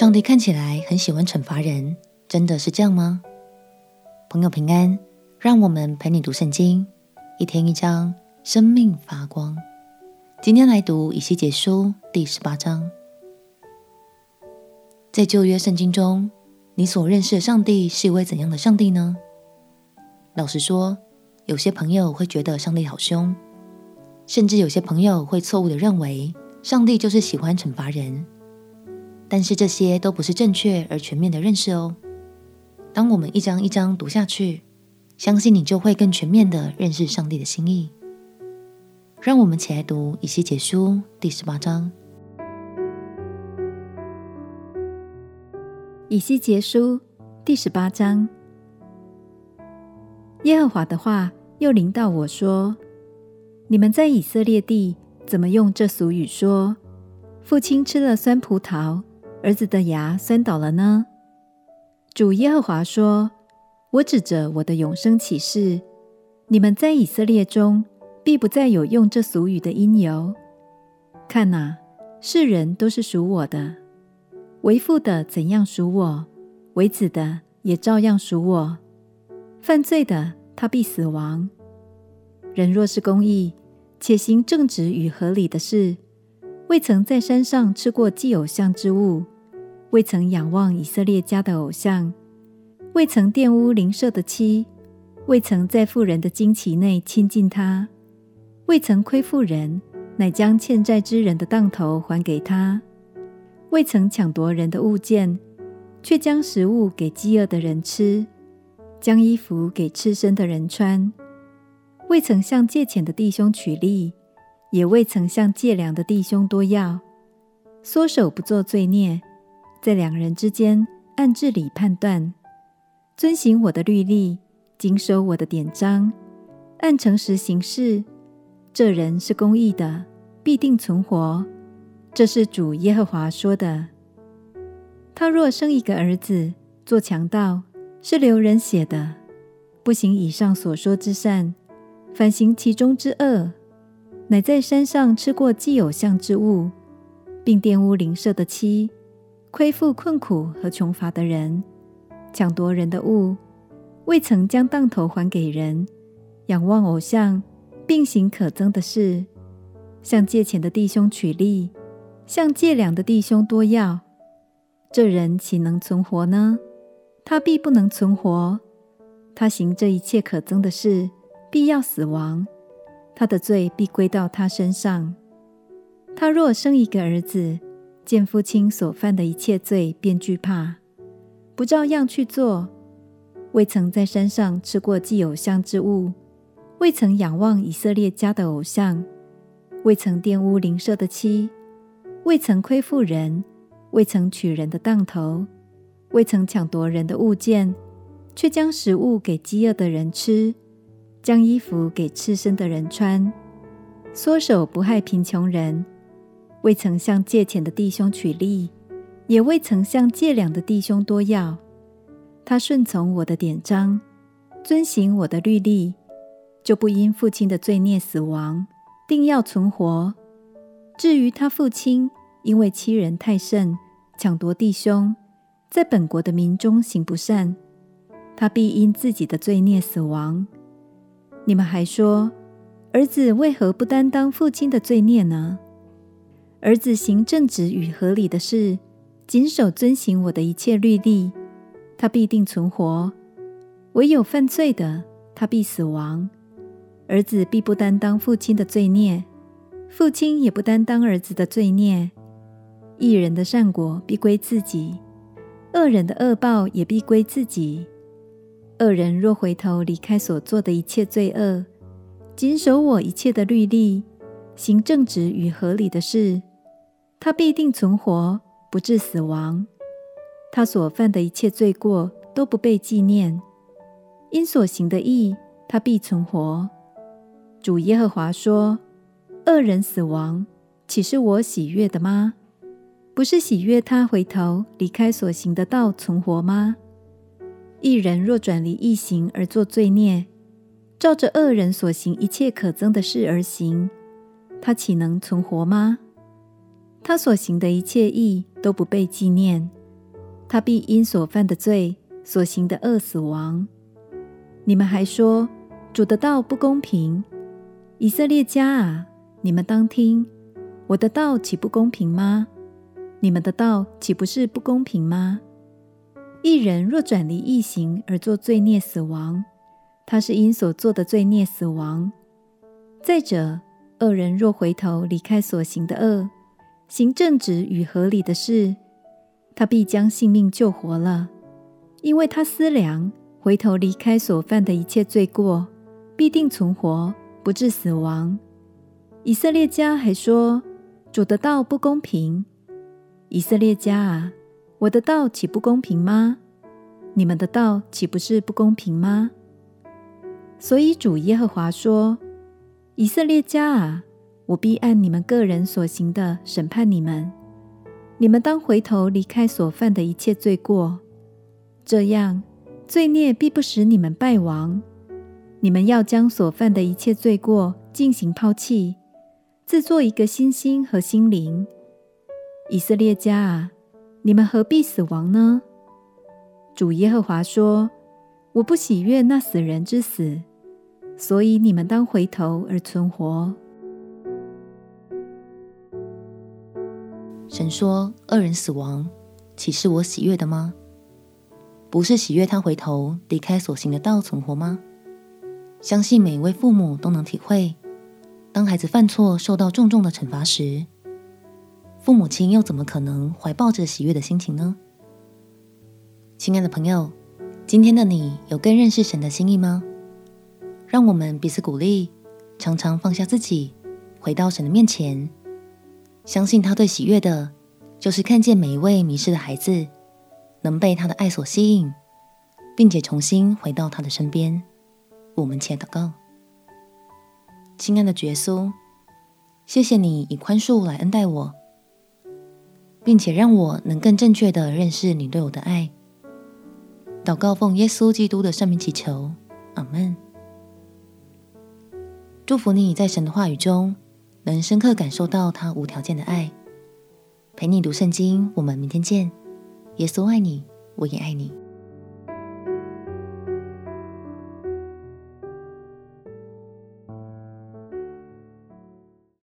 上帝看起來很喜歡懲罰人，真的是這樣嗎？朋友平安，讓我們陪你讀聖經，一天一章，生命發光。今天來讀以西結書第十八章。在舊約聖經中，你所認識的上帝是一位怎樣的上帝呢？老實說，有些朋友會覺得上帝好凶，甚至有些朋友會錯誤地認為上帝就是喜歡懲罰人。但是這些都不是正確而全面的認識哦。當我們一章一章讀下去，相信你就會更全面地認識上帝的心意。讓我們起來讀以西結書第十八章。以西結書第十八章，耶和華的話又臨到我說：“你們在以色列地怎麼用這俗語說：‘父親吃了酸葡萄’？”兒子的牙酸倒了呢？主耶和華說：“我指着我的永生起誓，你們在以色列中必不再有用這俗語的因由。看哪、啊，世人都是屬我的；為父的怎樣屬我，為子的也照樣屬我。犯罪的他必死亡。人若是公義，且行正直與合理的事。”未曾在山上吃過祭偶像之物，未曾仰望以色列家的偶像，未曾玷污鄰舍的妻，未曾在婦人的經期內親近她，未曾虧負人，乃將欠債之人的當頭還給他，未曾搶奪人的物件，卻將食物給飢餓的人吃，將衣服給赤身的人穿，未曾向借錢的弟兄取利。也未曾向借糧的弟兄多要，縮手不做罪孽，在兩人之間按至理判斷，遵行我的律例，謹守我的典章，按誠實行事，這人是公義的，必定存活。這是主耶和華說的。他若生一個兒子做強盜，是流人血的，不行以上所說之善，反行其中之惡。乃在山上吃過祭偶像之物，並玷污鄰舍的妻，虧負困苦和窮乏的人，搶奪人的物，未曾將當頭還給人，仰望偶像，並行可憎的事，向借錢的弟兄取利，向借糧的弟兄多要，這人豈能存活呢？他必不能存活。他行這一切可憎的事，必要死亡。他的罪必歸到他身上。他若生一個兒子，見父親所犯的一切罪，便懼怕，不照樣去做。未曾在山上吃過祭偶像之物，未曾仰望以色列家的偶像，未曾玷污鄰舍的妻，未曾虧負人，未曾取人的當頭，未曾搶奪人的物件，卻將食物給飢餓的人吃。將衣服給赤身的人穿，縮手不害貧窮人，未曾向借錢的弟兄取利，也未曾向借糧的弟兄多要。他順從我的典章，遵行我的律例，就不因父親的罪孽死亡，定要存活。至於他父親，因為欺人太甚，搶奪弟兄，在本國的民中行不善，他必因自己的罪孽死亡。你們還說，兒子為何不擔當父親的罪孽呢？兒子行正直與合理的事，謹守遵行我的一切律例，他必定存活；唯有犯罪的，他必死亡。兒子必不擔當父親的罪孽，父親也不擔當兒子的罪孽。一人的善果必歸自己，惡人的惡報也必歸自己。惡人若回頭離開所做的一切罪惡，謹守我一切的律例，行正直與合理的事，他必定存活，不致死亡。他所犯的一切罪過都不被紀念，因所行的義，他必存活。主耶和華說：“惡人死亡，豈是我喜悅的嗎？不是喜悅他回頭離開所行的道存活嗎？”一人若轉離義行而作罪孽，照着惡人所行一切可憎的事而行，他豈能存活嗎？他所行的一切義都不被紀念，他必因所犯的罪、所行的惡死亡。你們還說主的道不公平，以色列家啊，你們當聽，我的道豈不公平嗎？你們的道豈不是不公平嗎？一人若轉離一行而做罪孽死亡，他是因所做的罪孽死亡。再者，惡人若回頭離開所行的惡，行正直與合理的事，他必將性命救活了，因為他思量回頭離開所犯的一切罪過，必定存活，不致死亡。以色列家還說，主的道不公平。以色列家啊！我的道豈不公平嗎？你們的道豈不是不公平嗎？所以主耶和華說：“以色列家啊，我必按你們個人所行的審判你們。你們當回頭離開所犯的一切罪過，這樣罪孽必不使你們敗亡。你們要將所犯的一切罪過進行拋棄，自做一個新心和心靈，以色列家啊。”你們何必死亡呢？主耶和華說：“我不喜悅那死人之死，所以你們當回頭而存活。”神說：“惡人死亡，豈是我喜悅的嗎？不是喜悅他回頭離開所行的道存活嗎？”相信每一位父母都能體會，當孩子犯錯受到重重的懲罰時，父母親又怎麼可能懷抱着喜悅的心情呢？親愛的朋友，今天的你有更認識神的心意嗎？讓我們彼此鼓勵，常常放下自己，回到神的面前，相信他最喜悅的，就是看見每一位迷失的孩子能被他的愛所吸引，並且重新回到他的身邊。我們且禱告：親愛的耶穌，謝謝你以寬恕來恩待我。並且讓我能更正確的認識你對我的愛。禱告奉耶穌基督的聖名祈求，阿門。祝福你在神的話語中能深刻感受到他無條件的愛。陪你讀聖經，我們明天見。耶穌愛你，我也愛你。